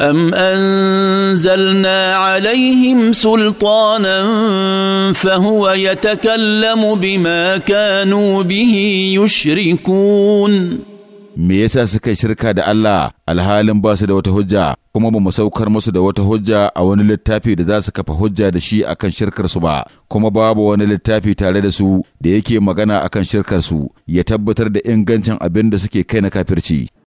أم أنزلنا عليهم سلطانا فهو يتكلم بما كانوا به يشركون me yasa suka shirka da Allah alhalin ba su da wata hujja kuma ba mu saukar musu da wata hujja a wani littafi da za su kafa hujja da shi akan shirkar su ba kuma babu wani littafi tare da su da yake magana akan shirkar su ya tabbatar da ingancin abin da suke kai na kafirci